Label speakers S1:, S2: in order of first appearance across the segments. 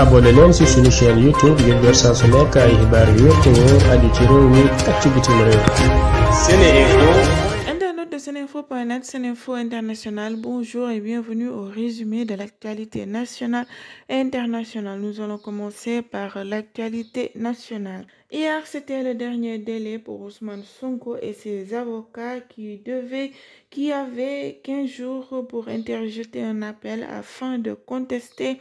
S1: abonné leen ci suñu chaîne YouTube ngir jot saa su nekk ay xibaar yu wér te
S2: de l'actualité nationale Nous allons commencer par l'actualité nationale. Hier, c'était le dernier délai pour Ousmane Sonko et ses avocats qui avaient jours pour interjeter un appel afin de contester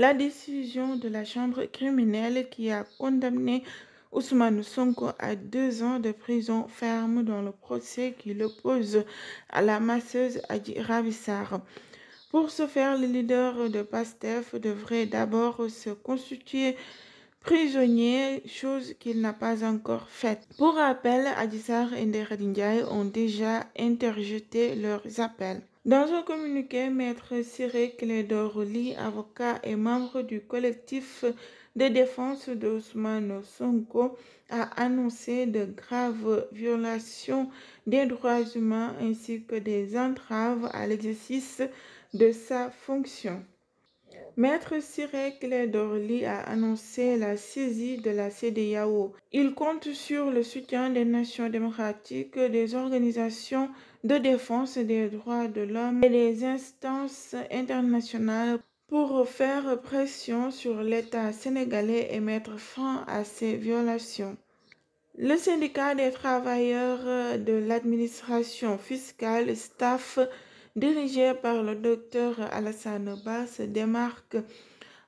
S2: La décision de la chambre criminelle qui a condamné Ousmane Sonko à deux ans de prison ferme dans le procès qui l'oppose à la masseuse Adi Ravissar. Pour ce faire, le leader de PASTEF devrait d'abord se constituer prisonnier, chose qu'il n'a pas encore faite. Pour rappel, Adissar et Ndiaye ont déjà interjeté leurs appels. Dans un communiqué, Maître Cyré Clédorli, avocat et membre du collectif de défense d'Ousmane Sonko, a annoncé de graves violations des droits humains ainsi que des entraves à l'exercice de sa fonction. Maître Cyril Clédorli a annoncé la saisie de la CDAO. Il compte sur le soutien des nations démocratiques, des organisations de défense des droits de l'homme et des instances internationales pour faire pression sur l'État sénégalais et mettre fin à ces violations. Le syndicat des travailleurs de l'administration fiscale, STAF, dirigée par le docteur Alassane Ba, se démarque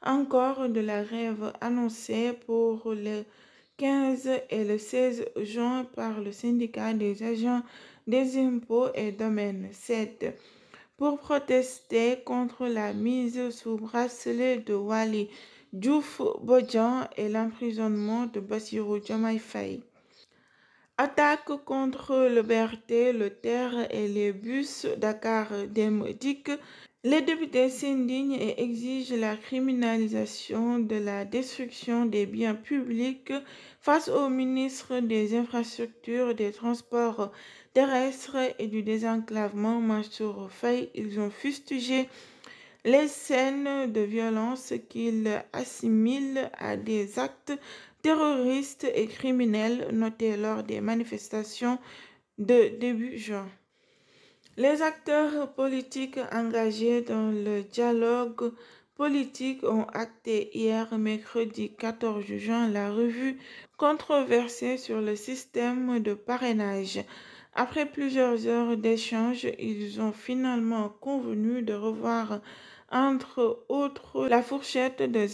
S2: encore de la rêve annoncée pour le 15 et le 16 juin par le syndicat des agents des impôts et domaines pour protester contre la mise sous bracelet de Wali Diouf Bodjan et l'emprisonnement de Bassirou Diomaye Faye. Attaque contre le BRT, le terre et les bus Dakar démodique. Les députés s'indignent et exigent la criminalisation de la destruction des biens publics face au ministre des Infrastructures, des Transports terrestres et du désenclavement, Mansour Faye. Ils ont fustigé les scènes de violence qu'ils assimilent à des actes terroristes et criminels notés lors des manifestations de début juin. Les acteurs politiques engagés dans le dialogue politique ont acté hier mercredi juin la revue controversée sur le système de parrainage. Après plusieurs heures d'échanges, ils ont finalement convenu de revoir entre autres la fourchette de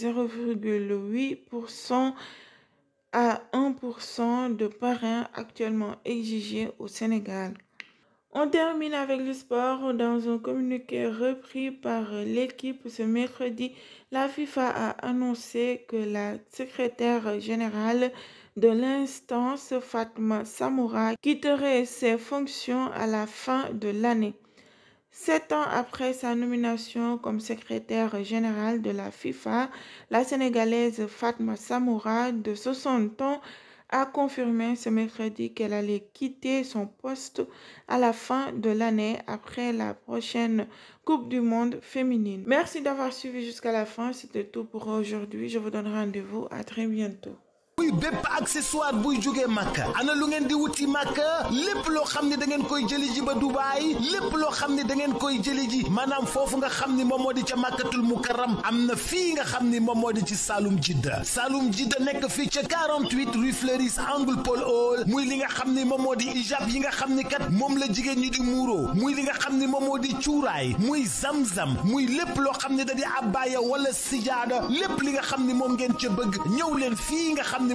S2: à 1% de parrain actuellement exigé au Sénégal. On termine avec le sport. Dans un communiqué repris par l'équipe ce mercredi, la FIFA a annoncé que la secrétaire générale de l'instance, Fatma Samoura, quitterait ses fonctions à la fin de l'année. Sept ans après sa nomination comme secrétaire générale de la FIFA, la Sénégalaise Fatma Samoura, de 60 ans, a confirmé ce mercredi qu'elle allait quitter son poste à la fin de l'année après la prochaine Coupe du Monde féminine. Merci d'avoir suivi jusqu'à la fin. C'était tout pour aujourd'hui. Je vous donne rendez-vous à très bientôt. muy bépp accessoire buy jógee
S1: màkka ana lu ngeen di wuti màkka lépp loo xam ni da ngeen koy jëli ji ba Dubaay lépp loo xam ni da koy jëli ji maanaam nga xam ni moom moo di ca màkkatul mukaram am na fii nga xam ni moom moo di ci Saloum Jidda Saloum Jidda nekk fii ca 48 rue Fleuris angle Paul Hall muy li nga xam ni moom moo di ijab yi nga xam ni kat moom la jigéen ñi di muuro muy li nga xam ni moom moo di cuuraay muy zamzam muy lépp loo xam ne dadi di abbaaya wala sijaada lépp li nga xam ni moom ngeen ca bëgg ñëw fii nga xam ni